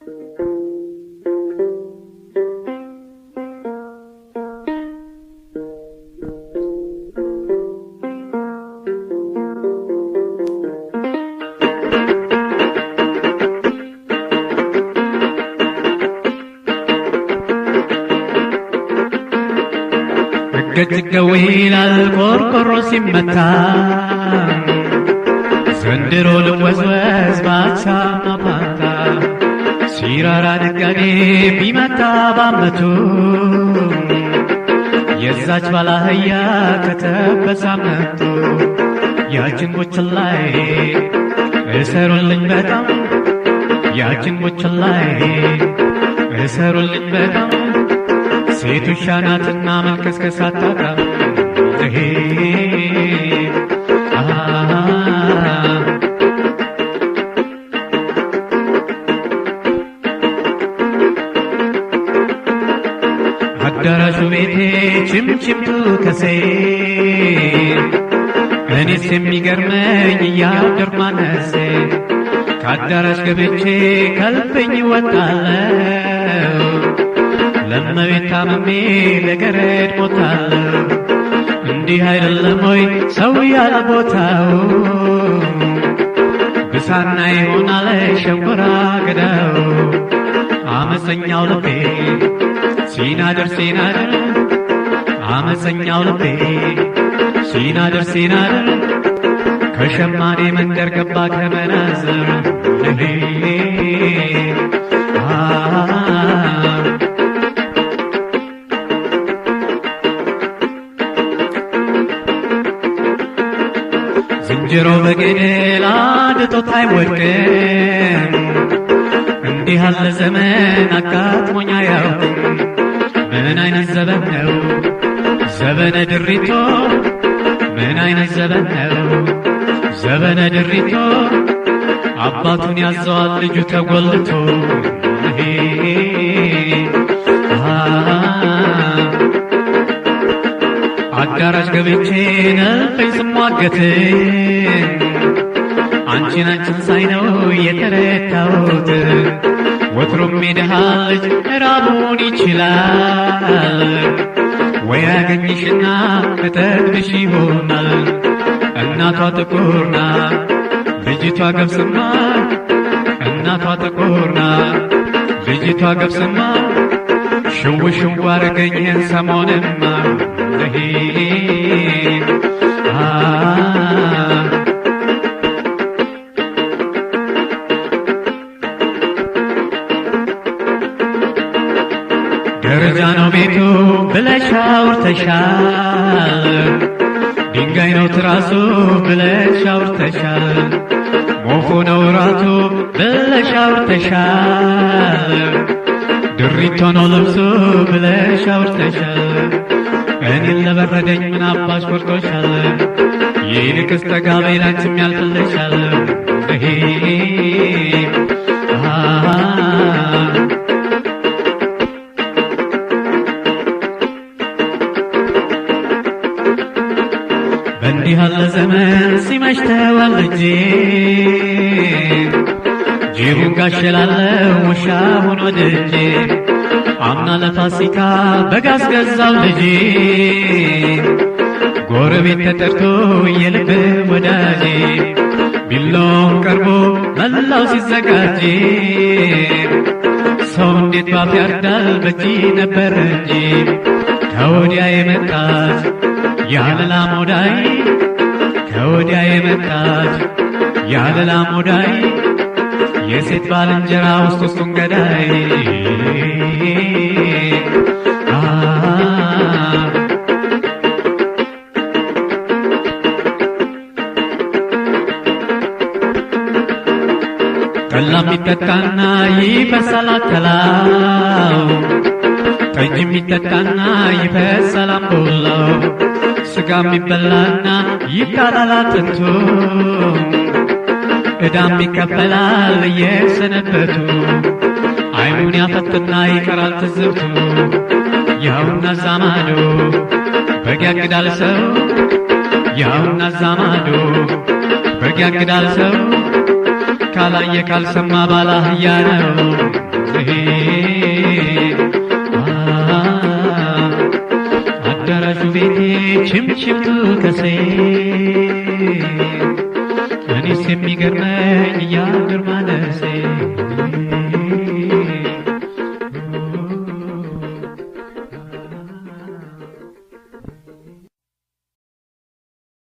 ገትገው ይላል ቆርቆሮ ሲመታ ዘንድሮ ልወዝወዝ ባቻ ማባታ ይራራ ድጋሜ ቢመጣ ባመቱ የዛች ባላህያ ከተበሳመቱ ያችን ቡችን ላይ እሰሩልኝ በጣም ያችን ቡችን ላይ እሰሩልኝ በጣም ሴቶች ሻናትና መልከስከስ ይሄ አዳራሹ ቤቴ ችምችምቱ ከሴ! እኔስ የሚገርመኝ እያደር ማነሴ ከአዳራሽ ገብቼ ከልፍኝ ወጣለ ለመቤት ታምሜ ለገረድ ሞታለው እንዲህ አይደለም ወይ ሰው ያለ ቦታው ብሳና ይሆናል ሸንኮራ ገዳው አመፀኛው ልቤ ሲናደር ሲናደር አመፀኛው ልቤ ሲናደር ሲናደር ከሸማኔ መንደር ገባ ከመነዝር ዝንጀሮ በገደል አድጦት አይወድቅም። እንዲህ አለ ዘመን አጋጥሞኛ ያውቅም ምን አይነት ዘበን ነው ዘበነ ድሪቶ ምን አይነት ዘበን ነው ዘበነ ድሪቶ አባቱን ያዘዋል ልጁ ተጎልቶ አዳራሽ ገብቼ ነፈኝ ስሟገት አንቺን አንቺን ሳይ ነው የተረታሁት ወትሮም የድሃ ልጅ ራቡን ይችላል ወይ ያገኝሽና እጠግንሽ ይሆናል። እናቷ ጥቁርና ልጅቷ ገብስማ እናቷ ጥቁር ልጅቷ ገብስማ ሽው ሽው አረገኝን ሰሞንማ ዘሄ ደረጃ ነው ቤቱ ብለሽ አውርተሻል። ድንጋይ ነው ትራሱ ብለሽ አውርተሻል። ሞፎ ነው ራቱ ብለሽ አውርተሻል። ድሪቶ ነው ልብሱ ብለሽ አውርተሻል። እኔን ለበረደኝ ምን አባሽ ቆርጦሻል? ይልቅስ ጠጋ ላንቺም ያልፍልሻል። ዘመን ሲመሽ ተወልጄ ጅቡን ጋሸላለው ውሻ ሆኖ ወድጄ አምና ለፋሲካ በጋስ ገዛው ልጄ ጎረቤት ተጠርቶ የልብ ወዳጄ ቢላውም ቀርቦ መላው ሲዘጋጅ ሰው እንዴት ባፍ ያርዳል በጂ ነበር እንጂ ከወዲያ የመጣች ያለላ ሞዳይ ከወዲያ የመጣች ያለ ላም ወዳይ የሴት ባልንጀራ ውስጥ ውስጡን ገዳይ ጠላ የሚጠጣና ይፈሰላተላው ቀኝ የሚጠጣና ይፈሰል አምቦላው ስጋ የሚበላና ይቃላል አጥንቱ ዕዳም ይከፈላል የሰነበቱ አይኑን ያፈጥና ይቀራል ትዝብቱ ይኸውና ዛማዶ በግ ያግዳል ሰው ይኸውና ዛማዶ በግ ያግዳል ሰው ካላየ ካልሰማ ባላህያ ነው ችምችምቱ ከሴ እኔስ የሚገርመኝ እያድር ማለሴ